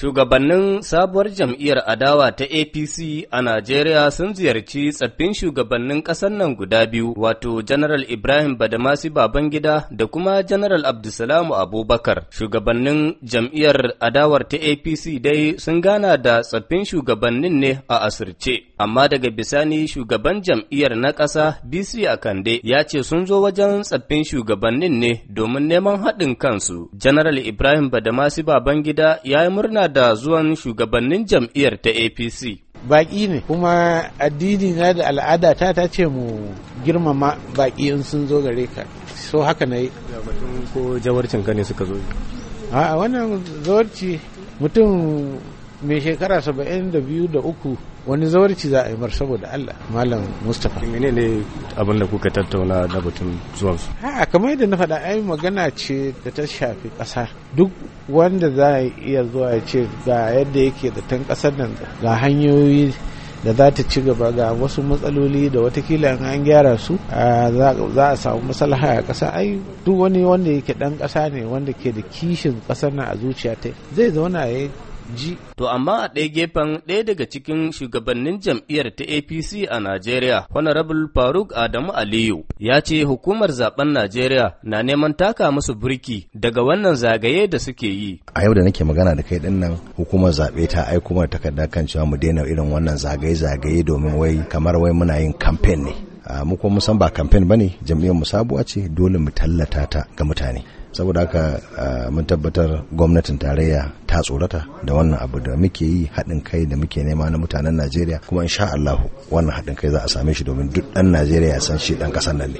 Shugabannin sabuwar jam'iyyar adawa ta APC a Najeriya sun ziyarci tsaffin shugabannin ƙasar nan guda biyu, wato General Ibrahim Badamasi Babangida da kuma General Abdulsalamu Abubakar. Shugabannin jam'iyyar adawar ta APC dai sun gana da tsaffin shugabannin ne a asirce, amma daga bisani shugaban jam'iyyar na ƙasa BC Akande ya ce sun zo wajen tsaffin shugabannin ne domin neman haɗin kansu. General Ibrahim Badamasi Babangida ya yi murna da zuwan shugabannin jam'iyyar ta APC. Baƙi ne kuma addini na da al'ada ta ta ce mu girmama baƙi in sun zo gare ka. So haka na yi. ko jawarcin ka ne suka zo. A wannan zawarci mutum mai shekara saba'in da biyu da uku wani zawarci za a yi mar saboda Allah malam Mustapha mene ne abin da kuka tattauna da batun zuwan su a kamar yadda na faɗa ai magana ce da ta shafi ƙasa duk wanda za a iya zuwa ya ce ga yadda yake tan ƙasar nan ga hanyoyi da za ta ci gaba ga wasu matsaloli da watakila in an gyara su za a samu maslaha a ƙasa ai duk wani wanda yake ɗan ƙasa ne wanda ke da kishin ƙasar na a zuciya ta zai zauna ya ji. To amma a ɗaya gefen ɗaya daga cikin shugabannin jam'iyyar ta APC a Najeriya, Honorable Faruk Adamu Aliyu, ya ce hukumar zaben Najeriya na neman taka musu burki daga wannan zagaye da suke yi. A yau da nake magana da kai ɗin nan hukumar zaɓe ta aiko mana takarda kan cewa mu daina irin wannan zagaye-zagaye domin wai kamar wai muna yin kamfen ne. mu kuma san ba kamfen bane jam'iyyar mu sabuwa ce dole mu tallata ta ga mutane saboda haka mun tabbatar gwamnatin tarayya ta tsorata da wannan abu da muke yi haɗin kai da muke nema na mutanen najeriya kuma insha allahu wannan haɗin kai za a same shi domin duk ɗan najeriya san shi ɗan ƙasar nan ne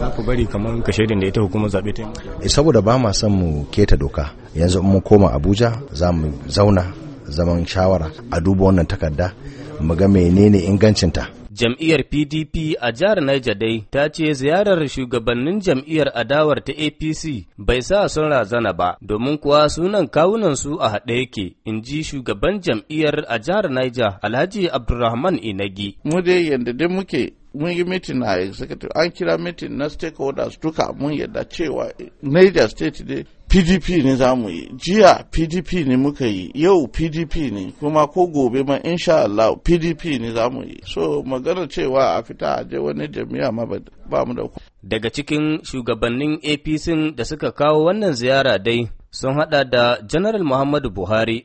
za ku bari kamar ka shaidin da ita hukumar zaɓe ta yi eh, saboda ba ma son mu keta doka yanzu in mun koma abuja za mu zauna zaman shawara a duba wannan takarda mu ga menene ingancinta Jam'iyyar PDP a jihar Niger dai ta ce ziyarar shugabannin jam'iyyar adawar ta APC bai sa sun razana ba, domin kuwa sunan kawunan su a haɗe yake, in ji shugaban jam'iyyar a jihar Niger Alhaji Abdulrahman Inagi. Mu dai yadda dai muke mun yi mitin a executive an kira mitin na stakeholders duka mun yadda cewa Niger state dai pdp ne za mu yi jiya pdp ne muka yi yau pdp ne kuma ko gobe ma insha Allah pdp ne za mu yi so magana cewa a fita a je wani jami'a ma ba mu da daga cikin shugabannin apc da suka kawo wannan ziyara dai sun hada da General Muhammadu Buhari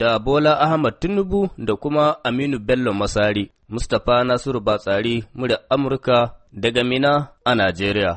da Bola Ahmad Tinubu da kuma Aminu Bello Masari, Mustapha Nasiru Batsari, murya Amurka daga Mina a Najeriya.